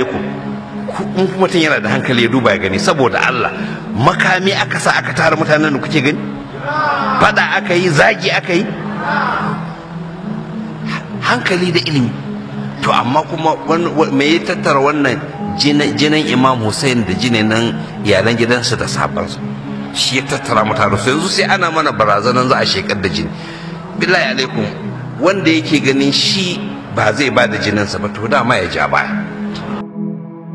Eh, in mutum yana da hankali ya duba ya gani saboda Allah makami aka sa aka tara mutanen da kuke gani fada aka yi zagi aka yi hankali da ilimi to amma kuma me ya tattara wannan jinan imam Hussein da jinan yaren gidansa da sabansu shi ya tattara mutane su yanzu sai ana mana barazanan za a shekar da jini billahi alaikum wanda yake ganin shi ba zai ba da jininsa ba to dama ya ja baya